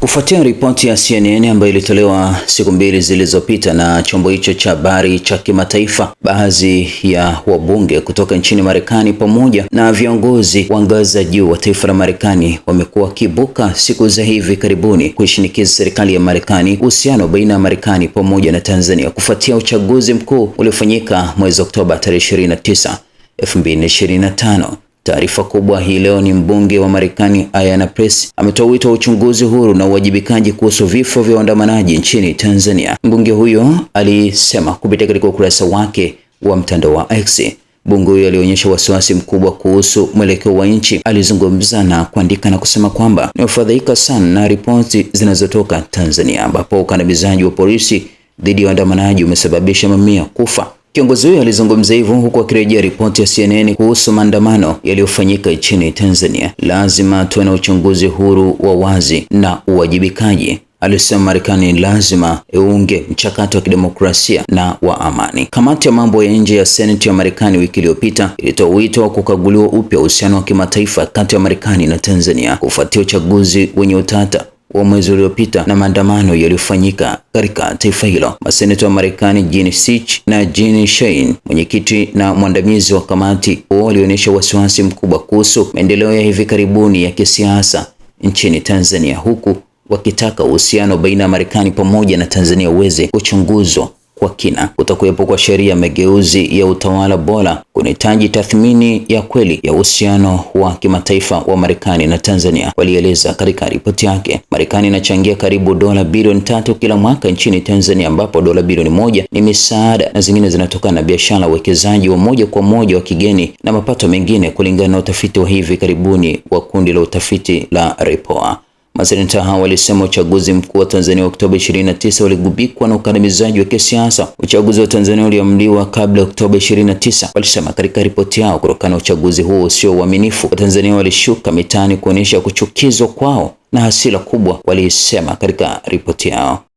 Kufuatia ripoti ya CNN ambayo ilitolewa siku mbili zilizopita na chombo hicho cha habari cha kimataifa, baadhi ya wabunge kutoka nchini Marekani pamoja na viongozi wa ngazi za juu wa taifa la Marekani wamekuwa wakibuka siku za hivi karibuni kuishinikiza serikali ya Marekani uhusiano baina ya Marekani pamoja na Tanzania kufuatia uchaguzi mkuu uliofanyika mwezi Oktoba tarehe 29, 2025. Taarifa kubwa hii leo ni mbunge wa Marekani Ayan Press ametoa wito wa uchunguzi huru na uwajibikaji kuhusu vifo vya waandamanaji nchini Tanzania. Mbunge huyo alisema kupitia katika ukurasa wake wa mtandao wa X. Mbunge huyo alionyesha wasiwasi mkubwa kuhusu mwelekeo wa nchi. Alizungumza na kuandika na kusema kwamba nimefadhaika sana na ripoti zinazotoka Tanzania ambapo ukandamizaji wa polisi dhidi ya waandamanaji umesababisha mamia kufa. Kiongozi huyo alizungumza hivyo huku akirejea ripoti ya CNN kuhusu maandamano yaliyofanyika nchini Tanzania. Lazima tuwe na uchunguzi huru wa wazi na uwajibikaji, alisema. Marekani lazima iunge mchakato wa kidemokrasia na wa amani. Kamati ya mambo ya nje ya Seneti ya Marekani wiki iliyopita ilitoa wito wa kukaguliwa upya uhusiano wa kimataifa kati ya Marekani na Tanzania kufuatia uchaguzi wenye utata wa mwezi uliopita na maandamano yaliyofanyika katika taifa hilo. Maseneta wa Marekani Jeanne Sitch na Jeanne Shaheen, mwenyekiti na mwandamizi wa kamati, walionyesha wasiwasi mkubwa kuhusu maendeleo ya hivi karibuni ya kisiasa nchini Tanzania, huku wakitaka uhusiano baina ya Marekani pamoja na Tanzania uweze kuchunguzwa kwa kina. Kutakuwepo kwa sheria mageuzi ya utawala bora kunahitaji tathmini ya kweli ya uhusiano wa kimataifa wa Marekani na Tanzania, walieleza katika ripoti yake. Marekani inachangia karibu dola bilioni tatu kila mwaka nchini Tanzania, ambapo dola bilioni moja ni misaada na zingine zinatokana na biashara, uwekezaji wa moja kwa moja wa kigeni na mapato mengine, kulingana na utafiti wa hivi karibuni wa kundi la utafiti la Repoa. Maseneta hao walisema uchaguzi mkuu wa Tanzania wa Oktoba 29 uligubikwa na ukandamizaji wa kisiasa. Uchaguzi wa Tanzania uliamliwa kabla ya Oktoba 29, walisema katika ripoti yao. Kutokana na uchaguzi huo usio uaminifu, Watanzania walishuka mitaani kuonyesha kuchukizwa kwao na hasira kubwa, walisema katika ripoti yao.